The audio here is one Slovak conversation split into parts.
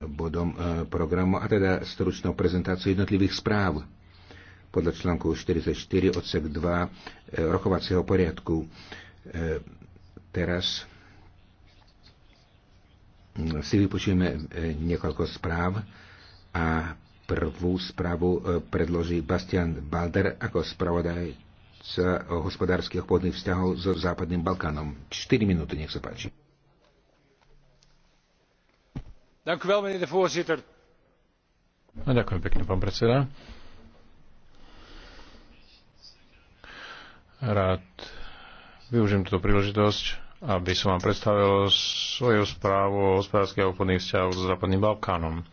bodom e, programu, a teda stručnou prezentáciou jednotlivých správ podľa článku 44 odsek 2 e, rokovacieho poriadku. E, teraz si vypočujeme niekoľko správ a prvú správu predloží Bastian Balder ako spravodajca hospodárskych podných vzťahov so Západným Balkánom. 4 minúty, nech sa páči voorzitter ďakujem pekne, pán predseda. Rád využijem túto príležitosť, aby som vám predstavil svoju správu o hospodárskych a obchodných vzťahoch so Západným Balkánom.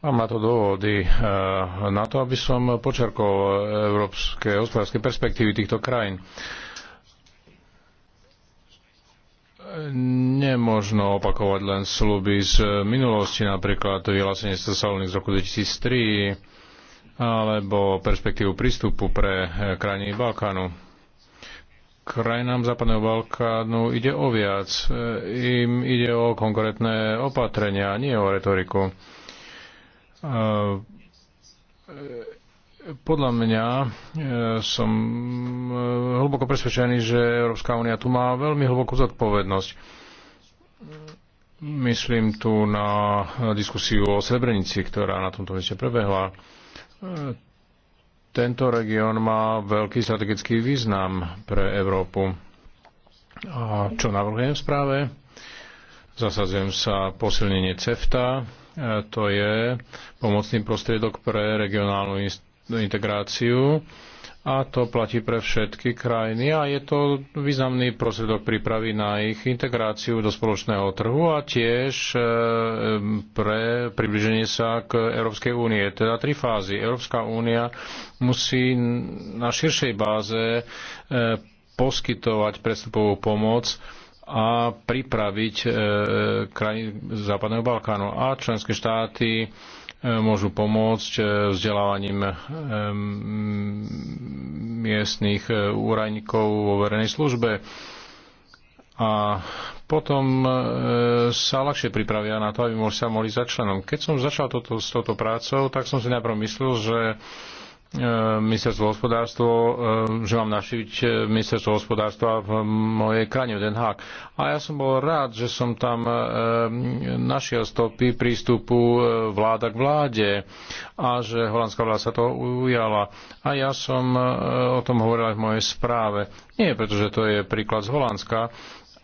Mám na to dôvody eh, na to, aby som počerkol európske hospodárske perspektívy týchto krajín nemožno opakovať len sluby z e, minulosti, napríklad vyhlásenie z Salónik z roku 2003 alebo perspektívu prístupu pre e, krajiny Balkánu. Krajinám Západného Balkánu ide o viac. E, Im ide o konkrétne opatrenia, nie o retoriku podľa mňa e, som e, hlboko presvedčený, že Európska únia tu má veľmi hlbokú zodpovednosť. Myslím tu na diskusiu o Srebrenici, ktorá na tomto mieste prebehla. E, tento región má veľký strategický význam pre Európu. A čo navrhujem v správe? Zasadzujem sa posilnenie CEFTA, to je pomocný prostriedok pre regionálnu integráciu a to platí pre všetky krajiny a je to významný prostriedok prípravy na ich integráciu do spoločného trhu a tiež e, pre približenie sa k Európskej únie. Teda tri fázy. Európska únia musí na širšej báze e, poskytovať prestupovú pomoc a pripraviť e, krajiny Západného Balkánu a členské štáty môžu pomôcť e, vzdelávaním e, miestných e, úradníkov vo verejnej službe a potom sa ľahšie pripravia na to, aby sa mohli začlenom. Keď som začal toto, s touto prácou, tak som si najprv myslel, že E, ministerstvo hospodárstvo, e, že mám našiť e, ministerstvo hospodárstva v mojej krajine, Den Haag. A ja som bol rád, že som tam našiel stopy prístupu vláda k vláde a že holandská vláda sa to ujala. A ja som o tom hovoril aj v mojej správe. Nie pretože to je príklad z Holandska,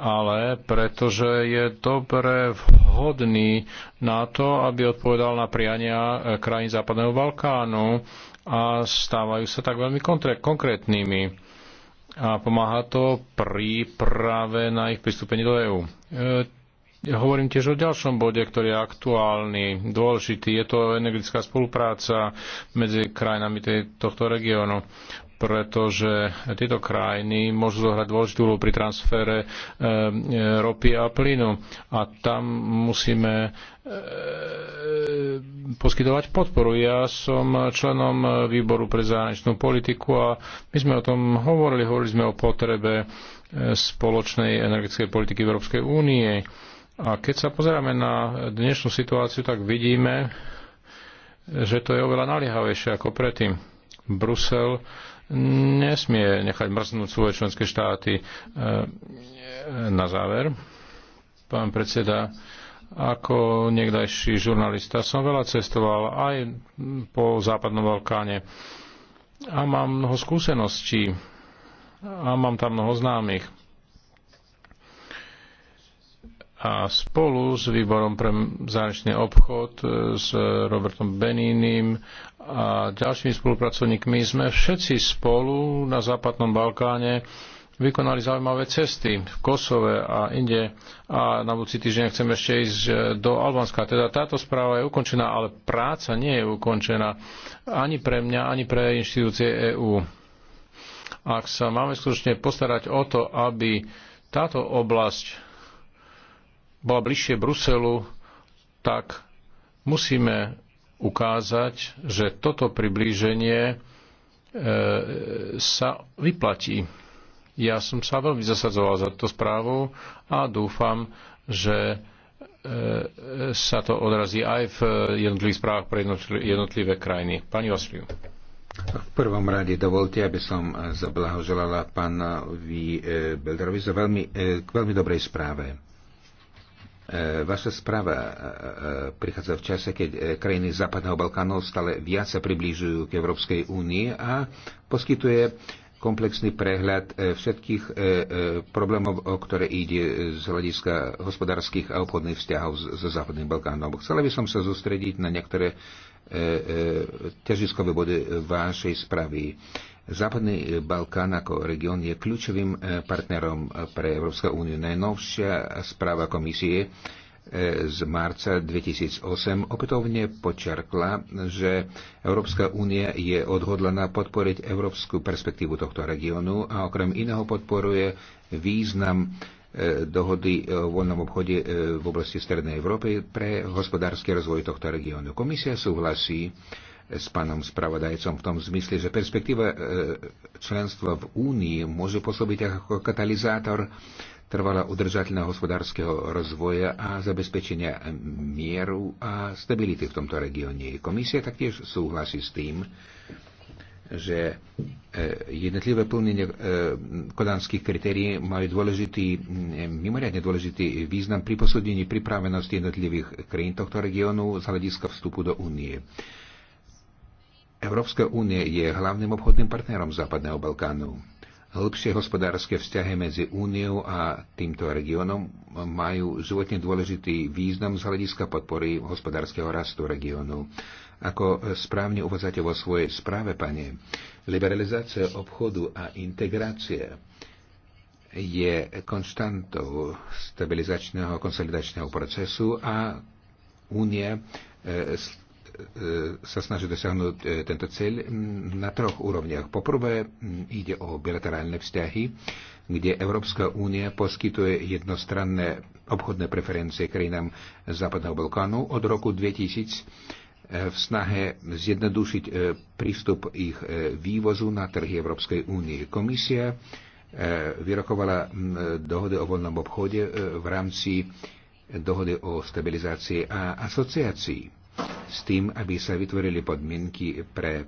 ale pretože je dobre vhodný na to, aby odpovedal na priania krajín Západného Balkánu a stávajú sa tak veľmi konkrétnymi a pomáha to príprave na ich pristúpenie do EÚ. Ja e, hovorím tiež o ďalšom bode, ktorý je aktuálny, dôležitý. Je to energetická spolupráca medzi krajinami tohto regiónu pretože tieto krajiny môžu zohrať dôležitú úlohu pri transfere eh, eh, ropy a plynu. A tam musíme eh, poskytovať podporu. Ja som členom výboru pre zahraničnú politiku a my sme o tom hovorili. Hovorili sme o potrebe spoločnej energetickej politiky v Európskej únie. A keď sa pozeráme na dnešnú situáciu, tak vidíme, že to je oveľa naliehavejšie ako predtým. Brusel nesmie nechať mrznúť svoje členské štáty. E, na záver, pán predseda, ako niekdajší žurnalista som veľa cestoval aj po západnom Balkáne a mám mnoho skúseností a mám tam mnoho známych. A spolu s výborom pre zahraničný obchod, e, s Robertom Beninim a ďalšími spolupracovníkmi sme všetci spolu na Západnom Balkáne vykonali zaujímavé cesty v Kosove a inde a na budúci týždeň chcem ešte ísť do Albánska. Teda táto správa je ukončená, ale práca nie je ukončená ani pre mňa, ani pre inštitúcie EÚ. Ak sa máme skutočne postarať o to, aby táto oblasť bola bližšie Bruselu, tak musíme ukázať, že toto priblíženie e, sa vyplatí. Ja som sa veľmi zasadzoval za túto správu a dúfam, že e, sa to odrazí aj v jednotlivých správach pre jednotlivé krajiny. Pani Osliu. V prvom rade dovolte, aby som zablahoželala pánovi e, Belderovi za veľmi, k veľmi dobrej správe. E, vaša správa e, e, prichádza v čase, keď krajiny Západného Balkánu stále viac sa približujú k Európskej únii a poskytuje komplexný prehľad všetkých problémov, o ktoré ide z hľadiska hospodárskych a obchodných vzťahov so Západným Balkánom. Chcela by som sa zostrediť na niektoré ťažiskové body vašej správy. Západný e, Balkán ako región je kľúčovým e, partnerom e, pre Európsku úniu. Najnovšia správa komisie z marca 2008 opätovne počerkla, že Európska únia je odhodlaná podporiť európsku perspektívu tohto regiónu a okrem iného podporuje význam dohody o voľnom obchode v oblasti Strednej Európy pre hospodársky rozvoj tohto regiónu. Komisia súhlasí s pánom spravodajcom v tom zmysle, že perspektíva e, členstva v Únii môže pôsobiť ako katalizátor trvala udržateľného hospodárskeho rozvoja a zabezpečenia mieru a stability v tomto regióne. Komisia taktiež súhlasí s tým, že e, jednotlivé plnenie kodanských kritérií majú dôležitý, e, mimoriadne dôležitý význam pri posúdení pripravenosti jednotlivých krajín tohto regiónu z hľadiska vstupu do únie. Európska únie je hlavným obchodným partnerom Západného Balkánu. Hĺbšie hospodárske vzťahy medzi Úniou a týmto regiónom majú životne dôležitý význam z hľadiska podpory hospodárskeho rastu regiónu. Ako správne uvádzate vo svojej správe, pane, liberalizácia obchodu a integrácia je konštantou stabilizačného konsolidačného procesu a Únia e, E, sa snaží dosiahnuť e, tento cieľ na troch úrovniach. Poprvé ide o bilaterálne vzťahy, kde Európska únia poskytuje jednostranné obchodné preferencie krajinám Západného Balkánu od roku 2000 e, v snahe zjednodušiť prístup ich vývozu na trhy Európskej únie. Komisia vyrokovala dohody o voľnom obchode v rámci dohody o stabilizácii a asociácii s tým, aby sa vytvorili podmienky pre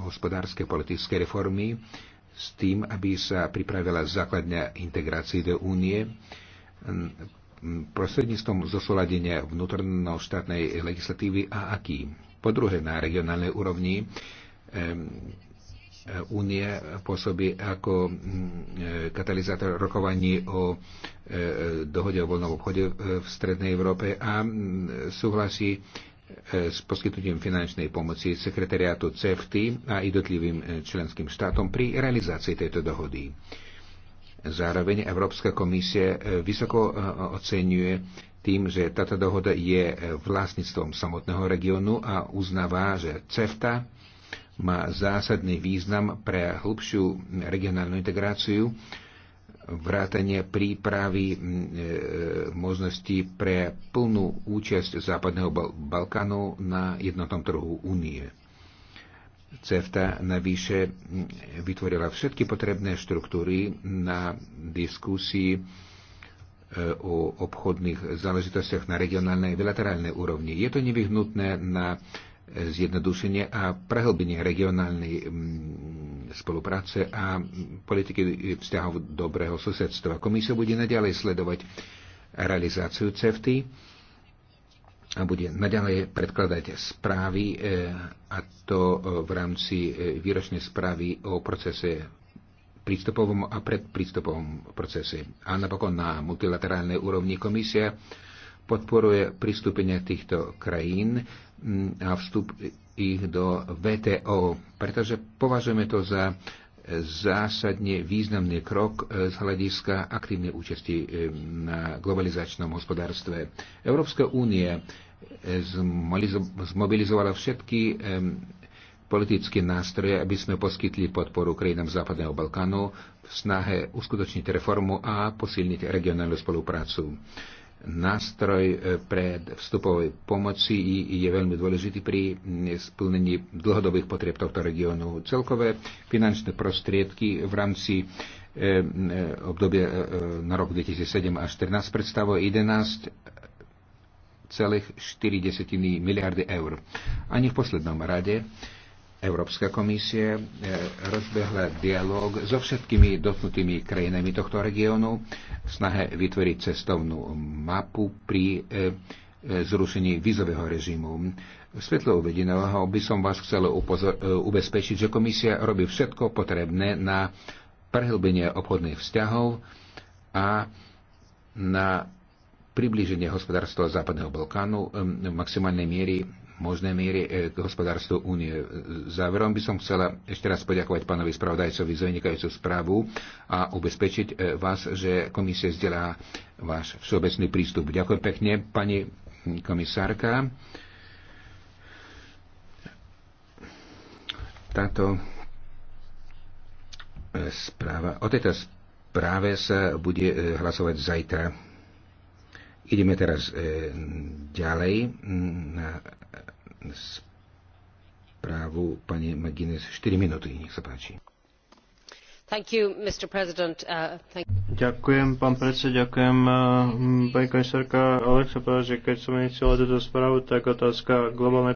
hospodárske politické reformy, s tým, aby sa pripravila základňa integrácie do únie prostredníctvom zosúladenia vnútornou štátnej legislatívy a aký. Po druhé, na regionálnej úrovni Únie pôsobí ako katalizátor rokovaní o e, dohode o voľnom obchode e, v Strednej Európe a súhlasí E, s poskytnutím finančnej pomoci sekretariátu CEFTY a jednotlivým e, členským štátom pri realizácii tejto dohody. Zároveň Európska komisia e, vysoko oceňuje tým, že táto dohoda je vlastníctvom samotného regiónu a uznáva, že CEFTA má zásadný význam pre hlbšiu regionálnu integráciu vrátanie prípravy e, možností pre plnú účasť Západného Balkánu na jednotnom trhu únie. CEFTA navyše vytvorila všetky potrebné štruktúry na diskusii e, o obchodných záležitostiach na regionálnej bilaterálnej úrovni. Je to nevyhnutné na zjednodušenie a prehlbenie regionálnej spolupráce a politiky vzťahov dobrého susedstva. Komisia bude naďalej sledovať realizáciu CEFTY a bude naďalej predkladať správy e, a to e, v rámci e, výročnej správy o procese prístupovom a predprístupovom procese. A napokon na multilaterálnej úrovni komisia podporuje pristúpenie týchto krajín a vstup ich do VTO, pretože považujeme to za zásadne významný krok e, z hľadiska aktívnej účasti e, na globalizačnom hospodárstve. Európska únia e, zmobilizovala všetky politické nástroje, aby sme poskytli podporu krajinám Západného Balkánu v snahe uskutočniť reformu a posilniť regionálnu spoluprácu nástroj e, pre vstupovej pomoci i je veľmi dôležitý pri splnení dlhodobých potrieb tohto regiónu. Celkové finančné prostriedky v rámci e, e, obdobia na rok 2007 až 2014 predstavuje 11 celých 4 miliardy eur. Ani v poslednom rade e, Európska komisie e, rozbehla dialog so všetkými dotknutými krajinami tohto regiónu v snahe vytvoriť cestovnú mapu pri e, e, zrušení vízového režimu. Svetlo uvedeného by som vás chcel ubezpečiť, že komisia robí všetko potrebné na prehlbenie obchodných vzťahov a na priblíženie hospodárstva Západného Balkánu v maximálnej miery možné miery k e, hospodárstvu únie. E, záverom by som chcela ešte raz poďakovať pánovi spravodajcovi za vynikajúcu správu a ubezpečiť e, vás, že komisia vzdelá váš všeobecný prístup. Ďakujem pekne, pani komisárka. Táto správa, o tejto správe sa bude hlasovať zajtra. Ideme teraz ďalej na správu pani McGuinness. 4 minúty, nech sa páči. You, uh, ďakujem, pán predsed, ďakujem. Uh, pani komisárka Ale chcem povedať, že keď som iniciala túto správu, tak otázka globálnej